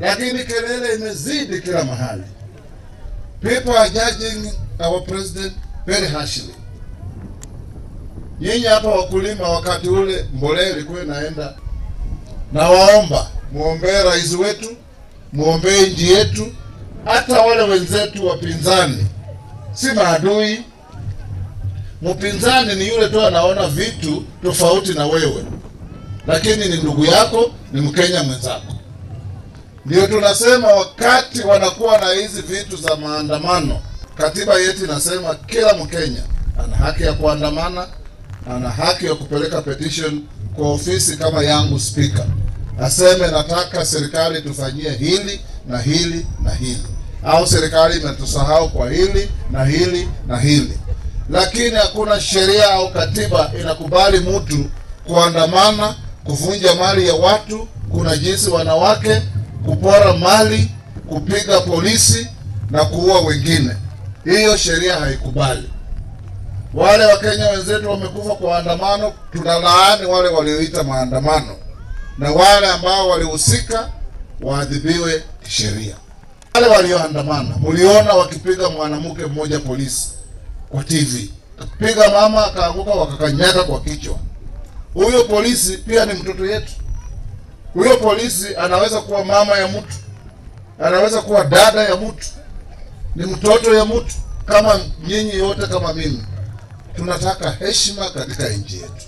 lakini kelele imezidi kila mahali. People are judging our president very harshly. Nyinyi hapa wakulima, wakati ule mbolea ilikuwa inaenda, na waomba muombee rais wetu, muombee nchi yetu. Hata wale wenzetu wapinzani si maadui. Mpinzani ni yule tu anaona vitu tofauti na wewe, lakini ni ndugu yako, ni Mkenya mwenzako. Ndio tunasema wakati wanakuwa na hizi vitu za maandamano, katiba yetu inasema kila Mkenya ana haki ya kuandamana, ana haki ya kupeleka petition kwa ofisi kama yangu spika, aseme nataka serikali tufanyie hili na hili na hili, au serikali imetusahau kwa hili na hili na hili. Lakini hakuna sheria au katiba inakubali mtu kuandamana, kuvunja mali ya watu, kuna jinsi wanawake kupora mali, kupiga polisi na kuua wengine. Hiyo sheria haikubali. Wale Wakenya wenzetu wamekufa kwa maandamano, tunalaani wale walioita maandamano, na wale ambao walihusika waadhibiwe kisheria. Wale walioandamana, mliona wakipiga mwanamke mmoja polisi kwa TV, piga mama akaanguka, wakakanyaga kwa kichwa. Huyo polisi pia ni mtoto yetu. Huyo polisi anaweza kuwa mama ya mtu, anaweza kuwa dada ya mtu, ni mtoto ya mtu, kama nyinyi yote, kama mimi. Tunataka heshima katika nchi yetu.